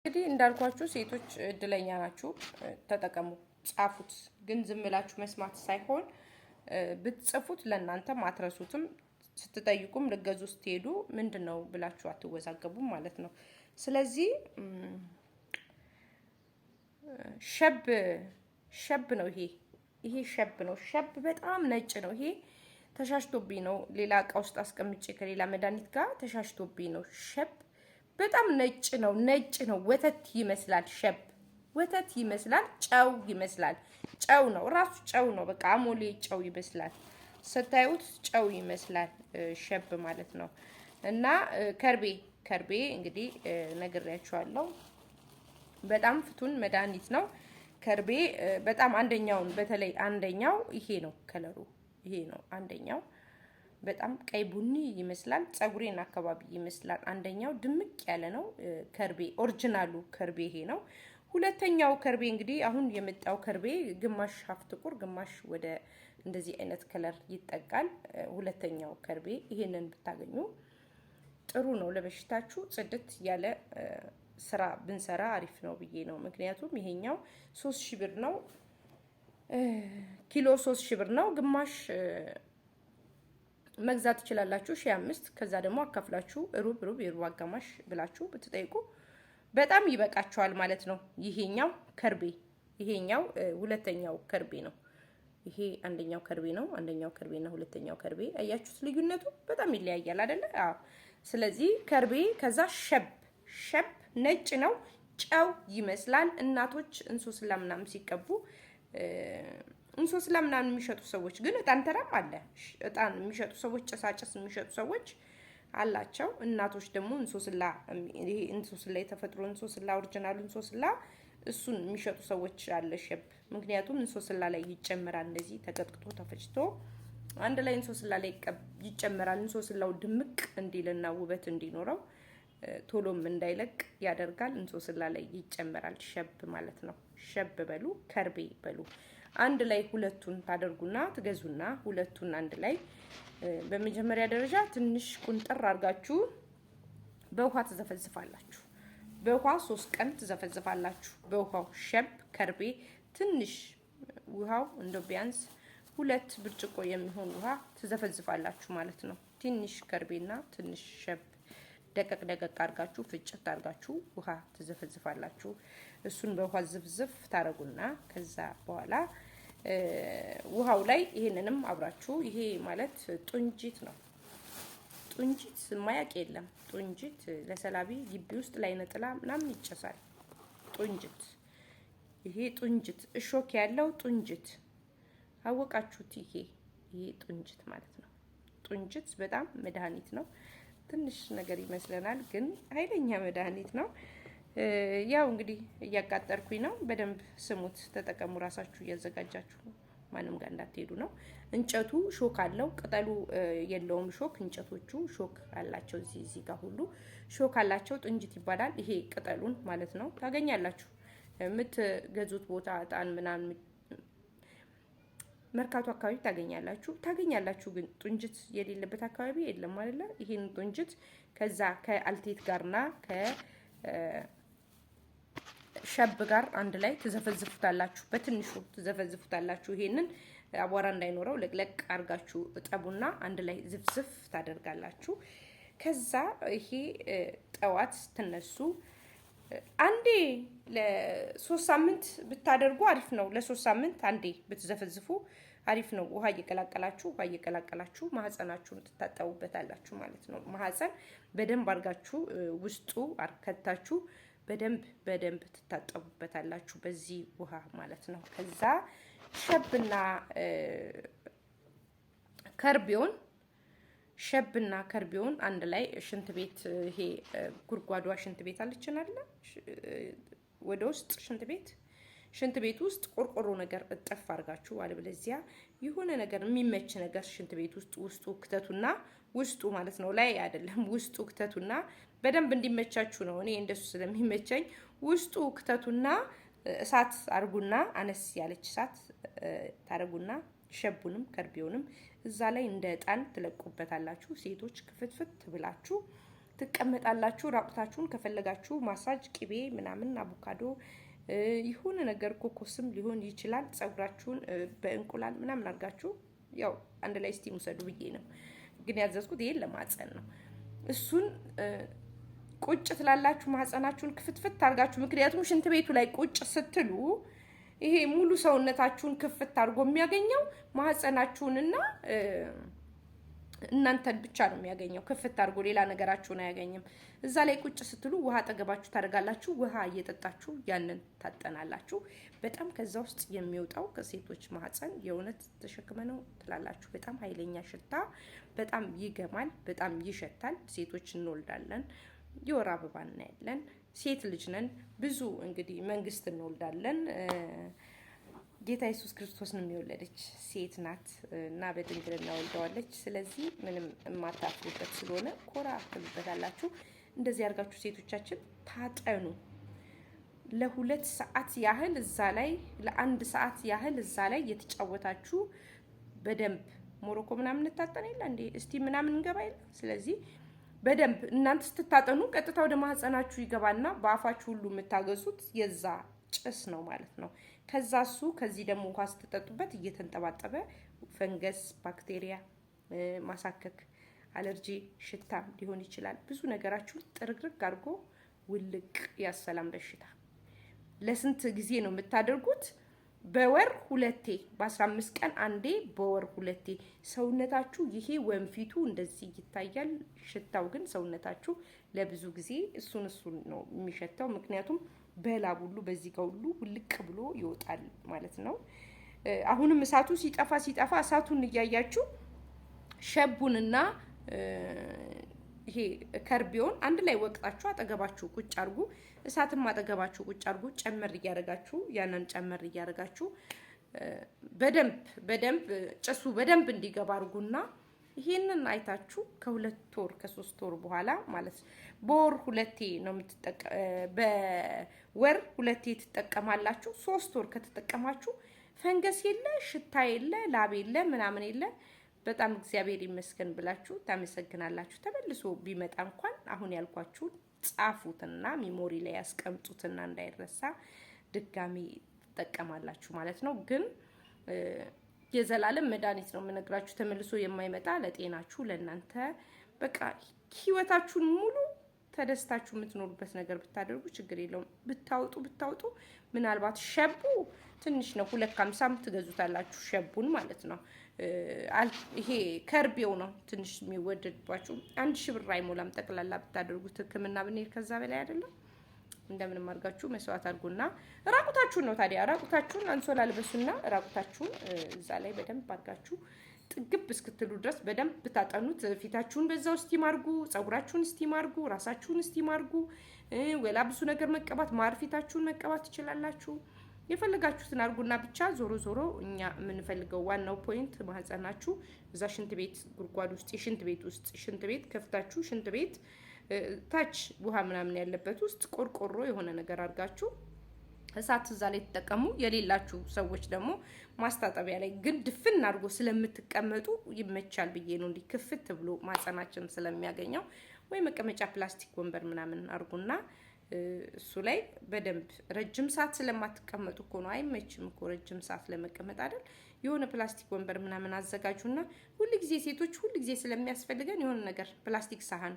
እንግዲህ እንዳልኳችሁ ሴቶች እድለኛ ናችሁ፣ ተጠቀሙ፣ ጻፉት። ግን ዝም ብላችሁ መስማት ሳይሆን ብትጽፉት ለእናንተ አትረሱትም። ስትጠይቁም ልገዙ ስትሄዱ ምንድን ነው ብላችሁ አትወዛገቡም ማለት ነው። ስለዚህ ሸብ ሸብ ነው ይሄ ይሄ ሸብ ነው። ሸብ በጣም ነጭ ነው። ይሄ ተሻሽቶብኝ ነው ሌላ እቃ ውስጥ አስቀምጬ ከሌላ መድኃኒት ጋር ተሻሽቶብኝ ነው ሸብ በጣም ነጭ ነው፣ ነጭ ነው። ወተት ይመስላል፣ ሸብ ወተት ይመስላል፣ ጨው ይመስላል። ጨው ነው ራሱ ጨው ነው። በቃ አሞሌ ጨው ይመስላል። ስታዩት ጨው ይመስላል፣ ሸብ ማለት ነው። እና ከርቤ ከርቤ እንግዲህ ነግሬያችኋለሁ። በጣም ፍቱን መድኃኒት ነው ከርቤ። በጣም አንደኛውን በተለይ አንደኛው ይሄ ነው፣ ከለሩ ይሄ ነው አንደኛው በጣም ቀይ ቡኒ ይመስላል። ጸጉሬን አካባቢ ይመስላል። አንደኛው ድምቅ ያለ ነው ከርቤ፣ ኦሪጂናሉ ከርቤ ይሄ ነው። ሁለተኛው ከርቤ እንግዲህ አሁን የመጣው ከርቤ ግማሽ ሀፍ ጥቁር፣ ግማሽ ወደ እንደዚህ አይነት ከለር ይጠቃል። ሁለተኛው ከርቤ ይሄንን ብታገኙ ጥሩ ነው ለበሽታችሁ። ጽድት ያለ ስራ ብንሰራ አሪፍ ነው ብዬ ነው። ምክንያቱም ይሄኛው ሶስት ሺህ ብር ነው ኪሎ ሶስት ሺህ ብር ነው ግማሽ መግዛት ትችላላችሁ ሺ አምስት ከዛ ደግሞ አካፍላችሁ ሩብ ሩብ የሩብ አጋማሽ ብላችሁ ብትጠይቁ በጣም ይበቃችኋል ማለት ነው። ይሄኛው ከርቤ ይሄኛው ሁለተኛው ከርቤ ነው። ይሄ አንደኛው ከርቤ ነው። አንደኛው ከርቤ እና ሁለተኛው ከርቤ አያችሁት? ልዩነቱ በጣም ይለያያል አይደለ? አዎ። ስለዚህ ከርቤ ከዛ ሸብ ሸብ ነጭ ነው። ጨው ይመስላል። እናቶች እንሶስላ ምናምን ሲቀቡ እንሶስላ ምናምን የሚሸጡ ሰዎች ግን እጣን ተራም አለ። እጣን የሚሸጡ ሰዎች፣ ጭሳጭስ የሚሸጡ ሰዎች አላቸው። እናቶች ደግሞ እንሶስላ ይሄ እንሶስላ የተፈጥሮ እንሶስላ ኦርጅናሉ እንሶስላ እሱን የሚሸጡ ሰዎች አለ ሸብ። ምክንያቱም እንሶስላ ላይ ይጨመራል። እንደዚህ ተቀጥቅጦ ተፈጭቶ አንድ ላይ እንሶስላ ላይ ይጨመራል። እንሶስላው ድምቅ እንዲልና ውበት እንዲኖረው ቶሎም እንዳይለቅ ያደርጋል። እንሶስላ ላይ ይጨመራል ሸብ ማለት ነው። ሸብ በሉ ከርቤ በሉ። አንድ ላይ ሁለቱን ታደርጉና ትገዙና ሁለቱን አንድ ላይ በመጀመሪያ ደረጃ ትንሽ ቁንጥር አድርጋችሁ በውሃ ትዘፈዝፋላችሁ። በውሃ ሶስት ቀን ትዘፈዝፋላችሁ። በውሃው ሸብ ከርቤ ትንሽ ውሃው እንደ ቢያንስ ሁለት ብርጭቆ የሚሆን ውሃ ትዘፈዝፋላችሁ ማለት ነው። ትንሽ ከርቤና ትንሽ ሸብ ደቀቅ ደቀቅ አድርጋችሁ ፍጭት አርጋችሁ ውሃ ትዘፈዝፋላችሁ። እሱን በውሃ ዝፍዝፍ ታረጉና ከዛ በኋላ ውሃው ላይ ይሄንንም አብራችሁ ይሄ ማለት ጡንጅት ነው። ጡንጅት ማያቅ የለም። ጡንጅት ለሰላቢ ግቢ ውስጥ ላይ ነጥላ ምናምን ይጨሳል። ጡንጅት ይሄ ጡንጅት እሾክ ያለው ጡንጅት አወቃችሁት? ይሄ ይሄ ጡንጅት ማለት ነው። ጡንጅት በጣም መድኃኒት ነው። ትንሽ ነገር ይመስለናል፣ ግን ኃይለኛ መድኃኒት ነው። ያው እንግዲህ እያቃጠርኩኝ ነው። በደንብ ስሙት፣ ተጠቀሙ። ራሳችሁ እያዘጋጃችሁ ማንም ጋር እንዳትሄዱ ነው። እንጨቱ ሾክ አለው፣ ቅጠሉ የለውም ሾክ። እንጨቶቹ ሾክ አላቸው፣ እዚህ እዚህ ጋር ሁሉ ሾክ አላቸው። ጥንጅት ይባላል ይሄ ቅጠሉን ማለት ነው። ታገኛላችሁ የምትገዙት ቦታ እጣን ምናምን መርካቶ አካባቢ ታገኛላችሁ ታገኛላችሁ። ግን ጡንጅት የሌለበት አካባቢ የለም አይደለ? ይሄን ጡንጅት ከዛ ከአልቴት ጋርና ከሸብ ጋር አንድ ላይ ትዘፈዝፉታላችሁ። በትንሹ ትዘፈዝፉታላችሁ። ይሄንን አቧራ እንዳይኖረው ለቅለቅ አድርጋችሁ እጠቡና አንድ ላይ ዝፍዝፍ ታደርጋላችሁ። ከዛ ይሄ ጠዋት ትነሱ አንዴ ለሶስት ሳምንት ብታደርጉ አሪፍ ነው። ለሶስት ሳምንት አንዴ ብትዘፈዝፉ አሪፍ ነው። ውሃ እየቀላቀላችሁ ውሃ እየቀላቀላችሁ ማህፀናችሁን ትታጠቡበታላችሁ ማለት ነው። ማህፀን በደንብ አድርጋችሁ ውስጡ አርከታችሁ በደንብ በደንብ ትታጠቡበታላችሁ በዚህ ውሃ ማለት ነው። ከዛ ሸብና ከርቤውን ሸብና ከርቢውን አንድ ላይ ሽንት ቤት ይሄ ጉድጓዷ ሽንት ቤት አለችን አለ ወደ ውስጥ ሽንት ቤት ሽንት ቤት ውስጥ ቆርቆሮ ነገር እጠፍ አድርጋችሁ አለበለዚያ የሆነ ነገር የሚመች ነገር ሽንት ቤት ውስጥ ውስጡ ክተቱና ውስጡ ማለት ነው ላይ አይደለም ውስጡ ክተቱና በደንብ እንዲመቻችሁ ነው። እኔ እንደሱ ስለሚመቸኝ ውስጡ ክተቱና እሳት አርጉና አነስ ያለች እሳት ታረጉና ሸቡንም ከርቤውንም እዛ ላይ እንደ እጣን ትለቁበታላችሁ። ሴቶች ክፍትፍት ብላችሁ ትቀመጣላችሁ። ራቁታችሁን ከፈለጋችሁ ማሳጅ፣ ቅቤ ምናምን፣ አቮካዶ ይሁን ነገር ኮኮስም ሊሆን ይችላል። ጸጉራችሁን በእንቁላል ምናምን አድርጋችሁ ያው አንድ ላይ ስቲም ውሰዱ ብዬ ነው ግን ያዘዝኩት ይሄን ለማፀን ነው። እሱን ቁጭ ትላላችሁ። ማህፀናችሁን ክፍትፍት አድርጋችሁ ምክንያቱም ሽንት ቤቱ ላይ ቁጭ ስትሉ ይሄ ሙሉ ሰውነታችሁን ክፍት አድርጎ የሚያገኘው ማህፀናችሁንና እናንተን ብቻ ነው የሚያገኘው። ክፍት አድርጎ ሌላ ነገራችሁን አያገኝም። እዛ ላይ ቁጭ ስትሉ ውሃ አጠገባችሁ ታደርጋላችሁ። ውሃ እየጠጣችሁ ያንን ታጠናላችሁ። በጣም ከዛ ውስጥ የሚወጣው ከሴቶች ማህፀን የእውነት ተሸክመ ነው ትላላችሁ። በጣም ኃይለኛ ሽታ፣ በጣም ይገማል፣ በጣም ይሸታል። ሴቶች እንወልዳለን፣ የወር አበባ እናያለን። ሴት ልጅ ነን። ብዙ እንግዲህ መንግስት እንወልዳለን። ጌታ ኢየሱስ ክርስቶስንም የወለደች ሴት ናት እና በድንግልና ወልደዋለች። ስለዚህ ምንም የማታፍሩበት ስለሆነ ኮራ አላችሁ። እንደዚህ ያርጋችሁ ሴቶቻችን ታጠኑ። ለሁለት ሰዓት ያህል እዛ ላይ ለአንድ ሰዓት ያህል እዛ ላይ የተጫወታችሁ በደንብ ሞሮኮ ምናምን እንታጠን የለ እንዴ እስቲ ምናምን እንገባ የለ ስለዚህ በደንብ እናንተ ስትታጠኑ ቀጥታ ወደ ማህፀናችሁ ይገባና በአፋችሁ ሁሉ የምታገዙት የዛ ጭስ ነው ማለት ነው። ከዛ እሱ ከዚህ ደግሞ ውሃ ስትጠጡበት እየተንጠባጠበ ፈንገስ፣ ባክቴሪያ፣ ማሳከክ፣ አለርጂ፣ ሽታም ሊሆን ይችላል። ብዙ ነገራችሁን ጥርግርግ አድርጎ ውልቅ ያሰላም በሽታ ለስንት ጊዜ ነው የምታደርጉት? በወር ሁለቴ በ15 ቀን አንዴ በወር ሁለቴ ሰውነታችሁ ይሄ ወንፊቱ እንደዚህ ይታያል። ሽታው ግን ሰውነታችሁ ለብዙ ጊዜ እሱን እሱን ነው የሚሸታው። ምክንያቱም በላብ ሁሉ በዚህ ጋ ሁሉ ውልቅ ብሎ ይወጣል ማለት ነው። አሁንም እሳቱ ሲጠፋ ሲጠፋ እሳቱን እያያችሁ ሸቡንና ይሄ ከርቤውን አንድ ላይ ወቅጣችሁ አጠገባችሁ ቁጭ አድርጉ። እሳትም አጠገባችሁ ቁጭ አድርጉ። ጨመር እያደረጋችሁ ያንን ጨመር እያደረጋችሁ በደንብ በደንብ ጭሱ በደንብ እንዲገባ አድርጉና ይሄንን አይታችሁ ከሁለት ወር ከሶስት ወር በኋላ ማለት በወር ሁለቴ ነው የምትጠቀ በወር ሁለቴ ትጠቀማላችሁ። ሶስት ወር ከተጠቀማችሁ ፈንገስ የለ፣ ሽታ የለ፣ ላብ የለ፣ ምናምን የለ በጣም እግዚአብሔር ይመስገን ብላችሁ ታመሰግናላችሁ። ተመልሶ ቢመጣ እንኳን አሁን ያልኳችሁን ጻፉትና ሚሞሪ ላይ ያስቀምጡትና እንዳይረሳ ድጋሚ ትጠቀማላችሁ ማለት ነው። ግን የዘላለም መድኃኒት ነው የምነግራችሁ። ተመልሶ የማይመጣ ለጤናችሁ ለእናንተ በቃ ህይወታችሁን ሙሉ ተደስታችሁ የምትኖሩበት ነገር ብታደርጉ ችግር የለውም። ብታወጡ ብታወጡ ምናልባት ሸቡ ትንሽ ነው፣ ሁለት ከሀምሳም ትገዙታላችሁ ሸቡን ማለት ነው። ይሄ ከርቤው ነው ትንሽ የሚወደድባችሁ። አንድ ሺ ብር አይሞላም ጠቅላላ ብታደርጉት ሕክምና ብንሄድ ከዛ በላይ አይደለም። እንደምንም አድርጋችሁ መስዋዕት አድርጉና ራቁታችሁን ነው ታዲያ ራቁታችሁን አንሶላ ልበሱና ራቁታችሁን እዛ ላይ በደንብ አድርጋችሁ ጥግብ እስክትሉ ድረስ በደንብ ብታጠኑት፣ ፊታችሁን በዛው ስቲም አርጉ፣ ጸጉራችሁን ስቲም አርጉ፣ ራሳችሁን ስቲም አርጉ። ወላ ብዙ ነገር መቀባት ማር ፊታችሁን መቀባት ትችላላችሁ። የፈለጋችሁትን አርጉና ብቻ ዞሮ ዞሮ እኛ የምንፈልገው ዋናው ፖይንት ማህፀናችሁ እዛ ሽንት ቤት ጉድጓድ ውስጥ የሽንት ቤት ውስጥ ሽንት ቤት ከፍታችሁ ሽንት ቤት ታች ውሃ ምናምን ያለበት ውስጥ ቆርቆሮ የሆነ ነገር አድርጋችሁ እሳት እዛ ላይ ተጠቀሙ። የሌላችሁ ሰዎች ደግሞ ማስታጠቢያ ላይ ግን ድፍን አድርጎ ስለምትቀመጡ ይመቻል ብዬ ነው። እንዲህ ክፍት ብሎ ማጸናችን ስለሚያገኘው ወይ መቀመጫ ፕላስቲክ ወንበር ምናምን አድርጉና እሱ ላይ በደንብ ረጅም ሰዓት ስለማትቀመጡ እኮ ነው። አይመችም እኮ ረጅም ሰዓት ለመቀመጥ አይደል? የሆነ ፕላስቲክ ወንበር ምናምን አዘጋጁና ሁል ጊዜ ሴቶች ሁል ጊዜ ስለሚያስፈልገን የሆነ ነገር ፕላስቲክ ሳህን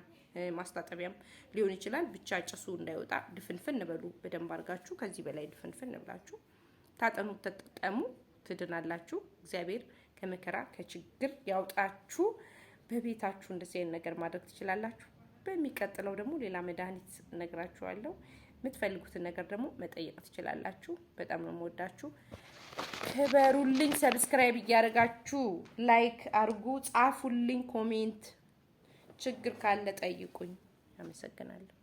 ማስታጠቢያም ሊሆን ይችላል። ብቻ ጭሱ እንዳይወጣ ድፍንፍን በሉ በደንብ አድርጋችሁ። ከዚህ በላይ ድፍንፍን ብላችሁ ታጠኑ፣ ተጠጠሙ፣ ትድናላችሁ። እግዚአብሔር ከመከራ ከችግር ያውጣችሁ። በቤታችሁ እንደዚህ አይነት ነገር ማድረግ ትችላላችሁ። በሚቀጥለው ደግሞ ሌላ መድኃኒት ነግራችኋለሁ። የምትፈልጉትን ነገር ደግሞ መጠየቅ ትችላላችሁ። በጣም ነው የምወዳችሁ። ክበሩልኝ። ሰብስክራይብ እያደረጋችሁ ላይክ አርጉ፣ ጻፉልኝ ኮሜንት። ችግር ካለ ጠይቁኝ። አመሰግናለሁ።